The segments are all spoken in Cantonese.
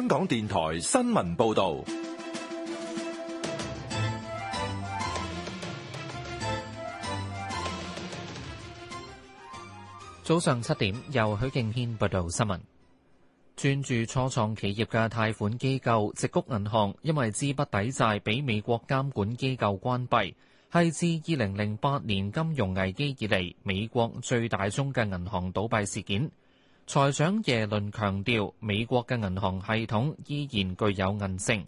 香港電台新聞報道，早上七點由許敬軒報道新聞。專注初創企業嘅貸款機構矽谷銀行，因為資不抵債，俾美國監管機構關閉，係自二零零八年金融危機以嚟美國最大宗嘅銀行倒閉事件。財長耶倫強調，美國嘅銀行系統依然具有韌性。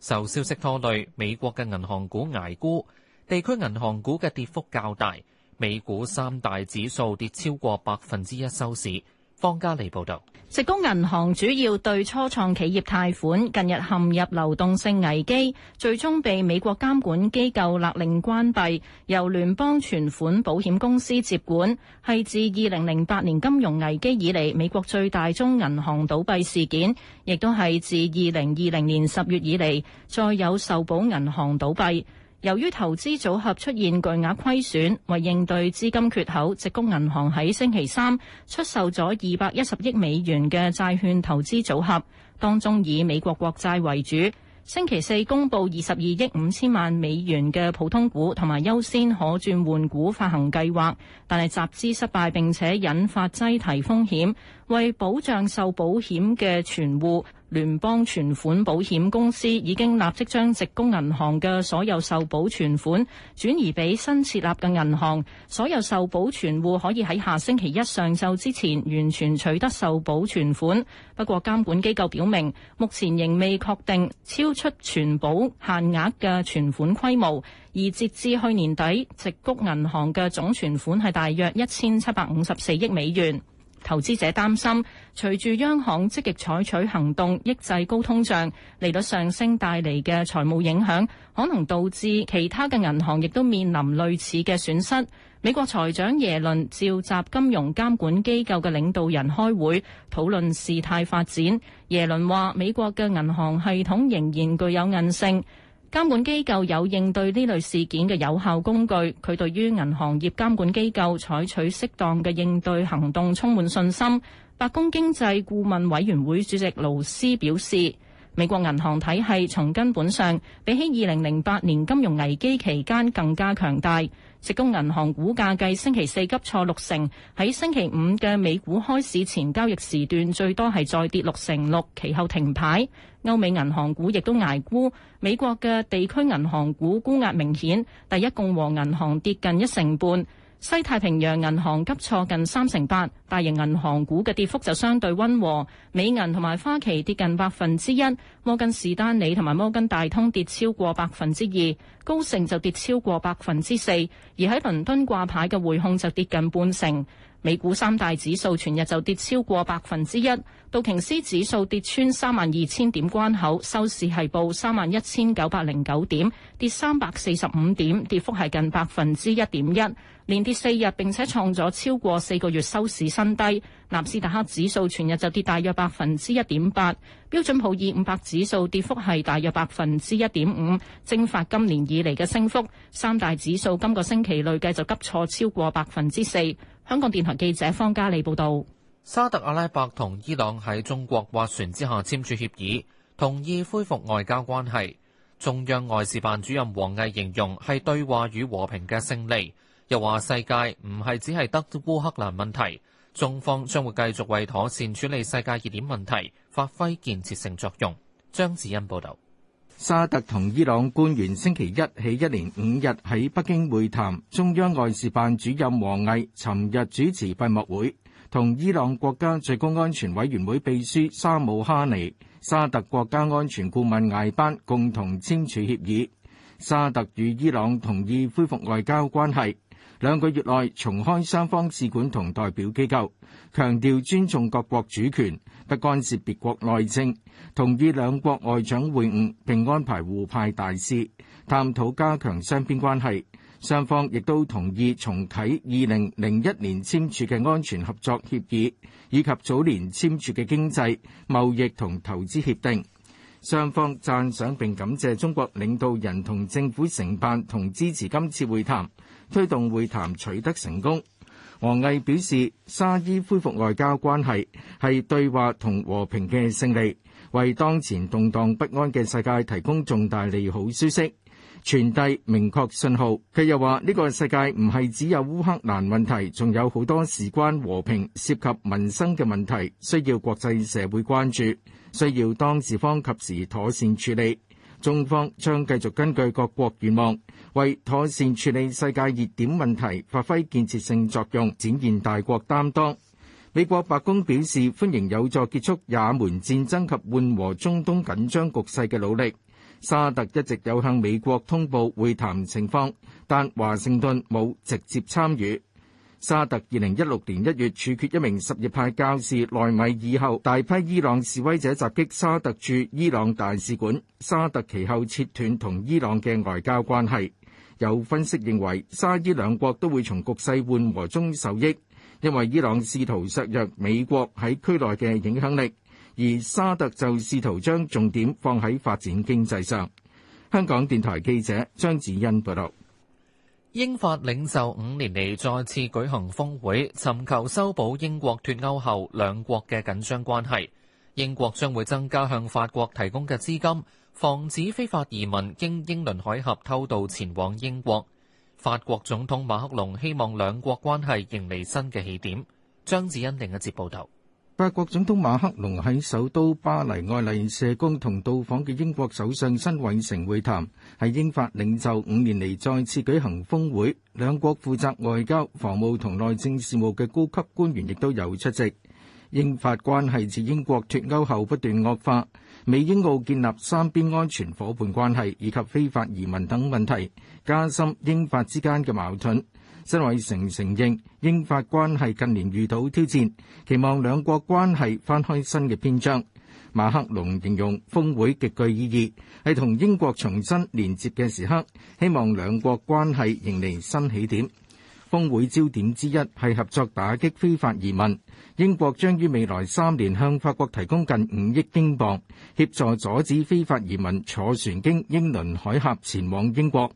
受消息拖累，美國嘅銀行股挨沽，地區銀行股嘅跌幅較大。美股三大指數跌超過百分之一收市。方家莉報道，直工銀行主要對初創企業貸款，近日陷入流動性危機，最終被美國監管機構勒令關閉，由聯邦存款保險公司接管，係自二零零八年金融危機以嚟美國最大宗銀行倒閉事件，亦都係自二零二零年十月以嚟再有受保銀行倒閉。由於投資組合出現巨額虧損，為應對資金缺口，矽谷銀行喺星期三出售咗二百一十億美元嘅債券投資組合，當中以美國國債為主。星期四公佈二十二億五千萬美元嘅普通股同埋優先可轉換股發行計劃，但係集資失敗並且引發擠提風險。為保障受保險嘅存戶，聯邦存款保險公司已經立即將直沽銀行嘅所有受保存款轉移俾新設立嘅銀行。所有受保存戶可以喺下星期一上晝之前完全取得受保存款。不過監管機構表明，目前仍未確定超出存保限額嘅存款規模。而截至去年底，直沽銀行嘅總存款係大約一千七百五十四億美元。投資者擔心，隨住央行積極採取行動抑制高通脹利率上升帶嚟嘅財務影響，可能導致其他嘅銀行亦都面臨類似嘅損失。美國財長耶倫召集金融監管機構嘅領導人開會討論事態發展。耶倫話：美國嘅銀行系統仍然具有韌性。監管機構有應對呢類事件嘅有效工具，佢對於銀行業監管機構採取適當嘅應對行動充滿信心。白宮經濟顧問委員會主席盧斯表示。美國銀行體系從根本上比起2008年金融危機期間更加強大。矽谷銀行股價計星期四急挫六成，喺星期五嘅美股開市前交易時段最多係再跌六成六，其後停牌。歐美銀行股亦都挨沽，美國嘅地區銀行股沽壓明顯，第一共和銀行跌近一成半。西太平洋銀行急挫近三成八，大型銀行股嘅跌幅就相對溫和。美銀同埋花旗跌近百分之一，摩根士丹利同埋摩根大通跌超過百分之二，高盛就跌超過百分之四，而喺倫敦掛牌嘅匯控就跌近半成。美股三大指數全日就跌超過百分之一。道瓊斯指數跌穿三萬二千點關口，收市係報三萬一千九百零九點，跌三百四十五點，跌幅係近百分之一點一，連跌四日並且創咗超過四個月收市新低。納斯達克指數全日就跌大約百分之一點八，標準普爾五百指數跌幅係大約百分之一點五，蒸發今年以嚟嘅升幅，三大指數今個星期累計就急挫超過百分之四。香港電台記者方嘉莉報道。沙特阿拉伯同伊朗喺中國斡旋之下簽署協議，同意恢復外交關係。中央外事辦主任王毅形容係對話與和平嘅勝利，又話世界唔係只係得烏克蘭問題，中方將會繼續為妥善處理世界熱點問題發揮建設性作用。張子欣報道：沙特同伊朗官員星期一起一連五日喺北京會談，中央外事辦主任王毅尋日主持閉幕會。同伊朗國家最高安全委員會秘書沙姆哈尼、沙特國家安全顧問艾班共同簽署協議，沙特與伊朗同意恢復外交關係，兩個月內重開三方使館同代表機構，強調尊重各國主權，不干涉別國內政，同意兩國外長會晤並安排互派大使，探討加強雙邊關係。雙方亦都同意重啟2001年簽署嘅安全合作協議，以及早年簽署嘅經濟貿易同投資協定。雙方讚賞並感謝中國領導人同政府承辦同支持今次會談，推動會談取得成功。王毅表示，沙伊恢復外交關係係對話同和、和平嘅勝利，為當前動盪不安嘅世界提供重大利好消息。傳遞明確信號。佢又話：呢個世界唔係只有烏克蘭問題，仲有好多事關和平、涉及民生嘅問題，需要國際社會關注，需要當事方及時妥善處理。中方將繼續根據各國願望，為妥善處理世界熱點問題，發揮建設性作用，展現大國擔當。美國白宮表示，歡迎有助結束也門戰爭及緩和中東緊張局勢嘅努力。沙特一直有向美國通報會談情況，但華盛頓冇直接參與。沙特2016年一月處決一名什葉派教士奈米以後，大批伊朗示威者襲擊沙特駐伊朗大使館，沙特其後切斷同伊朗嘅外交關係。有分析認為，沙伊兩國都會從局勢緩和中受益，因為伊朗試圖削弱美國喺區內嘅影響力。而沙特就試圖將重點放喺發展經濟上。香港電台記者張子欣報道：英法領袖五年嚟再次舉行峰會，尋求修補英國脱歐後兩國嘅緊張關係，英國將會增加向法國提供嘅資金，防止非法移民經英倫海峽偷渡前往英國，法國總統馬克龍希望兩國關係迎嚟新嘅起點，張子欣另一節報道。法國總統馬克龍喺首都巴黎愛麗舍宮同到訪嘅英國首相辛偉誠會談，係英法領袖五年嚟再次舉行峯會。兩國負責外交、防務同內政事務嘅高級官員亦都有出席。英法關係自英國脱歐後不斷惡化，美英澳建立三邊安全夥伴關係以及非法移民等問題加深英法之間嘅矛盾。新偉成承認英法關係近年遇到挑戰，期望兩國關係翻開新嘅篇章。馬克龍形容峰會極具意義，係同英國重新連接嘅時刻，希望兩國關係迎來新起點。峰會焦點之一係合作打擊非法移民。英國將於未來三年向法國提供近五億英鎊，協助阻止非法移民坐船經英倫海峽前往英國。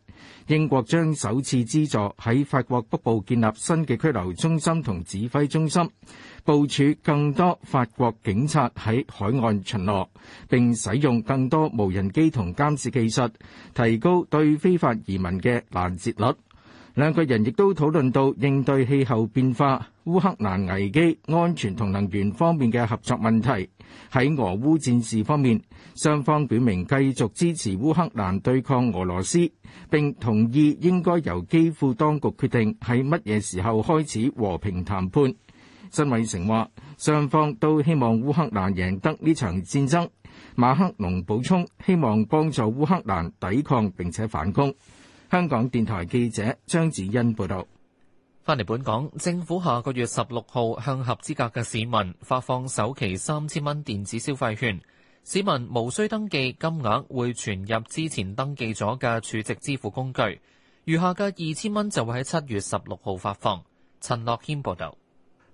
英國將首次資助喺法國北部建立新嘅拘留中心同指揮中心，部署更多法國警察喺海岸巡邏，並使用更多無人機同監視技術，提高對非法移民嘅攔截率。兩個人亦都討論到應對氣候變化、烏克蘭危機、安全同能源方面嘅合作問題。喺俄烏戰事方面，雙方表明繼續支持烏克蘭對抗俄羅斯，並同意應該由基輔當局決定喺乜嘢時候開始和平談判。辛偉誠話：雙方都希望烏克蘭贏得呢場戰爭。馬克龍補充：希望幫助烏克蘭抵抗並且反攻。香港電台記者張子欣報道。返嚟本港，政府下個月十六號向合資格嘅市民發放首期三千蚊電子消費券，市民無需登記，金額會存入之前登記咗嘅儲值支付工具，餘下嘅二千蚊就會喺七月十六號發放。陳樂謙報道。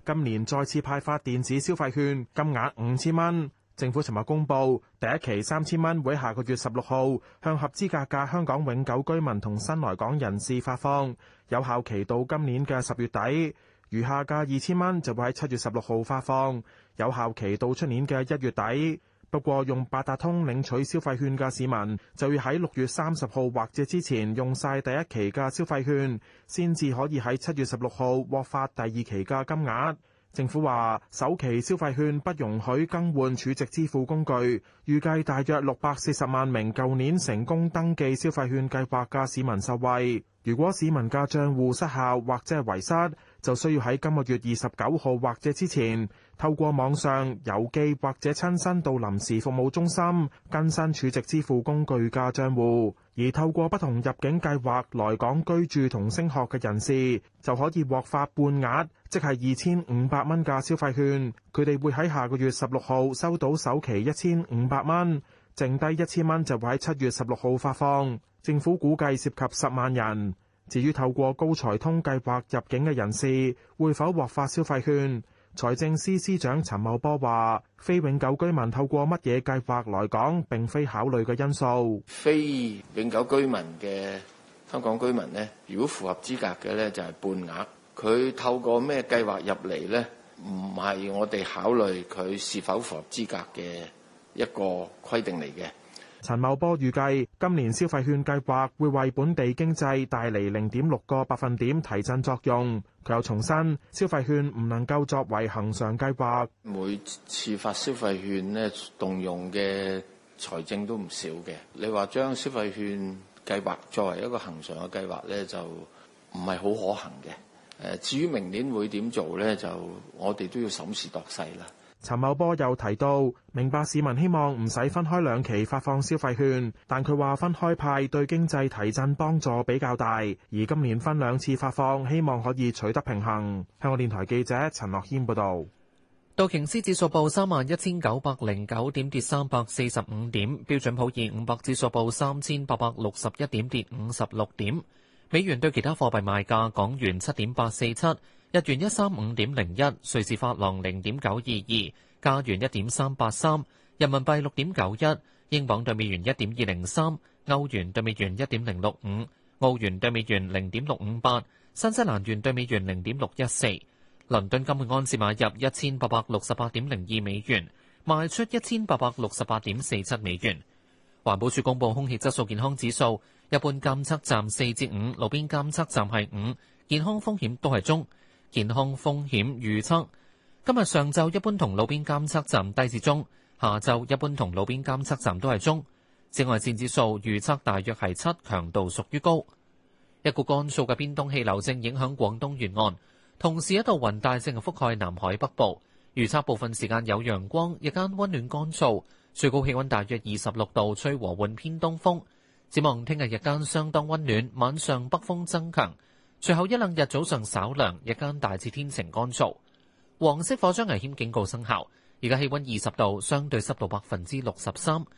今年再次派發電子消費券，金額五千蚊。政府尋日公布，第一期三千蚊會喺下個月十六號向合資格嘅香港永久居民同新來港人士發放，有效期到今年嘅十月底。餘下嘅二千蚊就會喺七月十六號發放，有效期到出年嘅一月底。不過用八達通領取消費券嘅市民，就要喺六月三十號或者之前用晒第一期嘅消費券，先至可以喺七月十六號獲發第二期嘅金額。政府話，首期消費券不容許更換儲值支付工具，預計大約六百四十萬名舊年成功登記消費券計劃嘅市民受惠。如果市民嘅帳戶失效或者係遺失，就需要喺今個月二十九號或者之前，透過網上、郵寄或者親身到臨時服務中心更新儲值支付工具嘅賬戶。而透過不同入境計劃來港居住同升學嘅人士，就可以獲發半額，即係二千五百蚊嘅消費券。佢哋會喺下個月十六號收到首期一千五百蚊，剩低一千蚊就會喺七月十六號發放。政府估計涉及十萬人。至於透過高才通計劃入境嘅人士，會否獲發消費券？財政司司長陳茂波話，非永久居民透過乜嘢計劃來講並非考慮嘅因素。非永久居民嘅香港居民呢，如果符合資格嘅咧，就係半額。佢透過咩計劃入嚟呢？唔係我哋考慮佢是否符合資格嘅一個規定嚟嘅。陳茂波預計今年消費券計劃會為本地經濟帶嚟零點六個百分點提振作用。佢又重申，消費券唔能夠作為恆常計劃。每次發消費券咧，動用嘅財政都唔少嘅。你話將消費券計劃作為一個恆常嘅計劃咧，就唔係好可行嘅。誒，至於明年會點做咧，就我哋都要審時度勢啦。陳茂波又提到，明白市民希望唔使分開兩期發放消費券，但佢話分開派對經濟提振幫助比較大，而今年分兩次發放，希望可以取得平衡。香港電台記者陳樂謙報導。道瓊斯指數報三萬一千九百零九點，跌三百四十五點；標準普爾五百指數報三千八百六十一點，跌五十六點。美元對其他貨幣賣價港元七點八四七。日元一三五點零一，瑞士法郎零點九二二，加元一點三八三，人民幣六點九一，英鎊對美元一點二零三，歐元對美元一點零六五，澳元對美元零點六五八，新西蘭元對美元零點六一四。倫敦金按安士買入一千八百六十八點零二美元，賣出一千八百六十八點四七美元。環保署公布空氣質素健康指數，一般監測站四至五，路邊監測站係五，健康風險都係中。健康風險預測，今日上晝一般同路邊監測站低至中，下晝一般同路邊監測站都係中。紫外線指數預測大約係七，強度屬於高。一股乾燥嘅偏東氣流正影響廣東沿岸，同時一道雲帶正覆蓋南海北部。預測部分時間有陽光，日間溫暖乾燥，最高氣溫大約二十六度，吹和緩偏東風。展望聽日日間相當溫暖，晚上北風增強。隨後一兩日早上稍涼，日間大致天晴乾燥。黃色火災危險警告生效，而家氣温二十度，相對濕度百分之六十三。